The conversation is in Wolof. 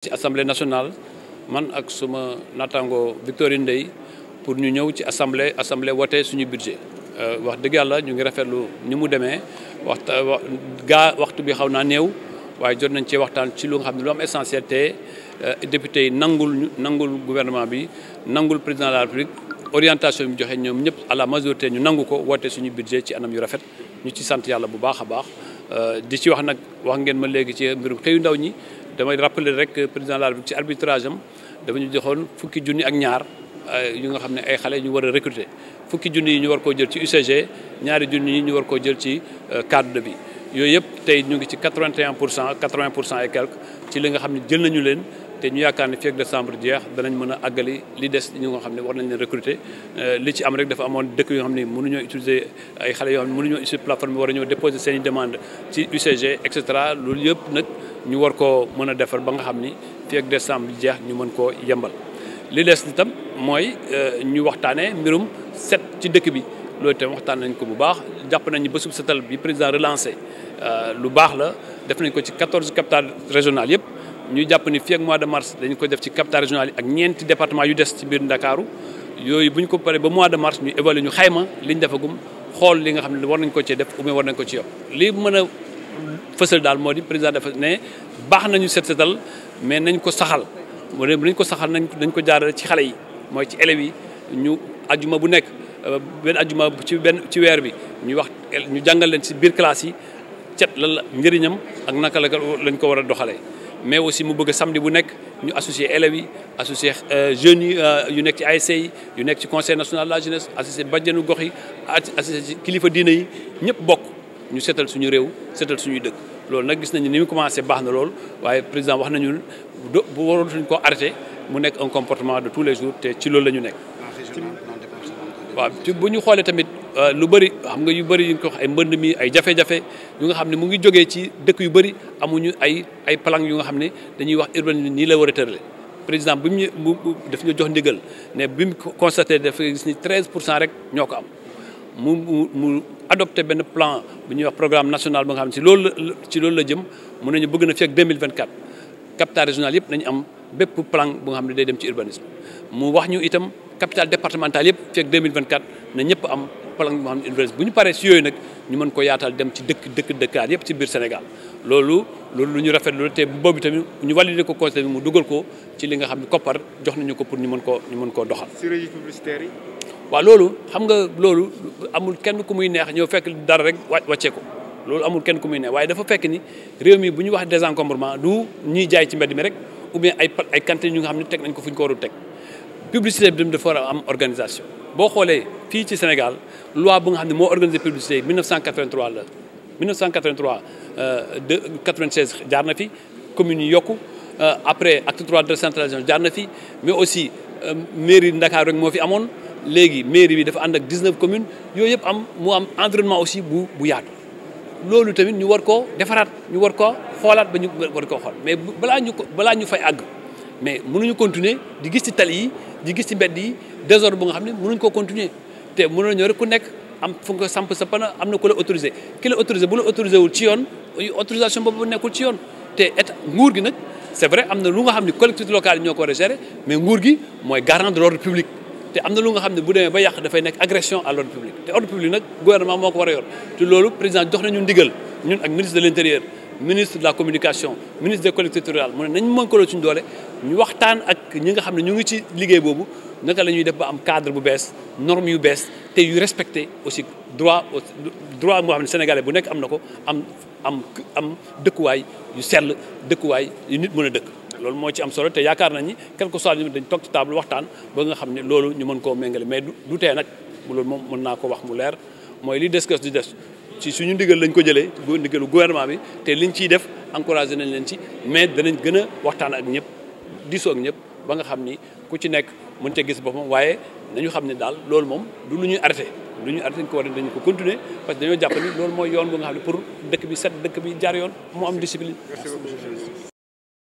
ci assemblée nationale man ak suma naataango Victorine Ndeye pour ñu ñëw ci assemblée assemblée wote suñu budget euh, wax dëgg yàlla ñu ngi rafetlu ni mu demee waxta wa gaa waxtu bi xaw naa néew waaye jot nañ cee waxtaan ci lu nga xam ne lu am essentiel te euh, député yi nangul nangul gouvernement bi nangul président la République orientation bi joxe ñoom ñëpp à la majorité ñu nangu ko wote suñu budget ci anam yu rafet ñu ci sant yàlla bu baax a baax euh, di ci wax nag wax ngeen ma léegi ci mbirum xëyu ndaw ñi damay rappeler rek président de la République ci arbitrage am dafa ñu joxoon fukki junni ak ñaar euh, yu nga xam ne ay xale ñu war a recruter fukki junni yi ñu war koo jël ci UCG ñaari junni yi ñu war koo jël ci euh, cadre bi yooyu yëpp tey ñu ngi ci 81 pour cent 80 pour cent et quelque nga xam ne jël nañu leen te ñu yaakaar ne fii ak décembre danañ mën a àggali li des ñu nga xam ne war nañ leen recruter euh, li ci am rek dafa amoon dëkk yoo xam ne mënuñoo utiliser ay xale yoon xam ne mënuñoo utiliser plateforme war ñoo ñëw déposer seen i demande ci UCG et cetera loolu yëpp nag ñu war koo mën a defar ba nga xam ni fii ak décembre bi jeex ñu mën koo yembal li des tam mooy euh, ñu waxtaanee mbirum set ci dëkk bi loolu itam waxtaan nañ ko bu baax jàpp nañu ba bu setal bi président relancé euh, lu baax la def nañ ko ci 14 capitales régionales yëpp ñu jàpp ni fi ak mois de mars dañ ko def ci capitales régionales yi ak ñeenti département yu des ci biir Ndakaaru yooyu bu ñu ko paree ba mois de mars ñu évaluer ñu xayma liñ defagum xool li nga xam ne war nañ ko cee def ou bien nañ ko ci yokk fësal daal moo di président dafa ne baax nañu set setal mais nañ ko saxal wala nañ ko saxal nañ dañ ko jaarale ci xale yi mooy ci élèves yi ñu ajuma bu nekk euh, benn ajuma ci benn ci weer bi ñu wax ñu jàngal leen ci biir classe yi cet lan la njëriñam ak naka la lañ ko war a doxalee mais aussi mu bëgg samedi bu nekk ñu associé élèves yi associé euh, jeunes yi euh, yu nekk ci ASC yi yu nekk ci conseil national de la jeunesse associé bajjenu gox yi associé ci kilifa diina yi ñëpp bokk ñu seetal suñu réew setal suñuy dëkk loolu nag gis nañu ni mu commencé baax na loolu waaye président wax nañu do bu waroon suñ ko arrêté mu nekk un comportement de tous les jours te ci loolu la nekk. waaw bu ñu xoolee tamit euh, lu bëri xam nga yu bëri yu ko wax ay mbënd mi ay jafe-jafe nga xam ne mu ngi jógee ci dëkk yu bëri amuñu ay ay plan yu nga xam ne dañuy wax urbanisme nii la war a tërale président bi mu daf ñu jox ndigal ne bi mu constaté dafa gis ni 13 pour cent rek ñoo ko am adopté benn plan bu ñuy wax programme national ba nga xam ne si loolu la ci loolu la jëm mun nañu bëgg na fekk 2024 capital régional yëpp nañu am bépp plan bu nga xam ne day dem ci urbanisme mu wax ñu itam capital départemental yëpp fekk 2024 na ñëpp am plan bu nga xam paree si yooyu nag ñu mën ko yaatal dem ci dëkk dëkk dëkkaat yëpp ci biir Sénégal loolu lu ñu rafetlu te boobu tamit ñu validé ko conseil bi mu dugal ko ci li nga xam ne koppar jox nañu ko pour ñu mën koo ñu mën koo doxal. waa loolu xam nga loolu amul kenn ku muy neex ñëw fekk dara rek wa wàccee ko loolu amul kenn ku muy neex waaye dafa fekk ni réew mi bu ñu wax des désencombrement du ñuy jaay ci mbedd mi rek ou bien ay ay cantines yu nga xam ne teg nañ ko fu ñu ko warul teg publicité bi dafa war a am organisation. boo xoolee fii ci Sénégal loi bu nga xam ne moo organisé publicité yi 1983 la 1983 de 96 jaar na fi communes yi yokku euh, après acte 3 de décentralisation jaar na fi mais aussi euh, mairie Ndakaar rek moo fi amoon. léegi mairie bi dafa ànd ak 19 communes yooyu yëpp am mu am environnement aussi bu bu yaatu loolu tamit ñu war koo defaraat ñu war ko xoolaat ba ñu war koo xool mais balaa ñu ko balaa ñu fay àgg mais mënuñu continuer di gis ci tali yi di gis ci mbedd yi désordre bu nga xam ne mënuñ ko continuer te mënoon ñoo rek ku nekk am fu nga samp sa pana am na ku la autorisé ki la autorisé bu la autorisé wul ci yoon autorisation boobu nekkul ci yoon te état nguur gi nag c'est vrai am na lu nga xam ne collectivité locale yi ko war mais nguur gi mooy garant de te am na lu nga xam ne bu demee ba yàq dafay nekk agression à l'ordre public te ordre public nag gouvernement moo ko war a yor te loolu président jox nañu ndigal ñun ak ministre de l'intérieur ministre de la communication ministre des collectivités rurales mu ne nañ mënkaloo suñu ñu waxtaan ak ñi nga xam ne ñu ngi ci liggéey boobu naka la ñuy def ba am cadre bu bees norme yu bees te yu respecté aussi droit droit moo xam ne sénégalais bu nekk am na ko am am am dëkkuwaay yu sell dëkkuwaay yu nit mën a dëkk loolu moo ci am solo te yaakaar nañ ni quelque soit ñu dañ toog ci table waxtaan ba ne loolu ñu mën koo méngale mais du tee nag loolu moom mën naa ko wax mu leer mooy li des di des ci suñu ndigal lañ ko jëlee ndigalu gouvernement bi te liñ ciy def encouragé nañ leen ci mais danañ gën a waxtaan ak ñëpp diisoo ak ñëpp ba nga xam ni ku ci nekk mën ca gis boppam waaye nañu xam ne daal loolu moom du lu ñuy arrêté lu ñuy arrêté dañ ko war dañu ko continuer parce que dañoo jàpp loolu mooy yoon bu nga xam ne pour dëkk bi set dëkk bi jaar yoon moo am discipline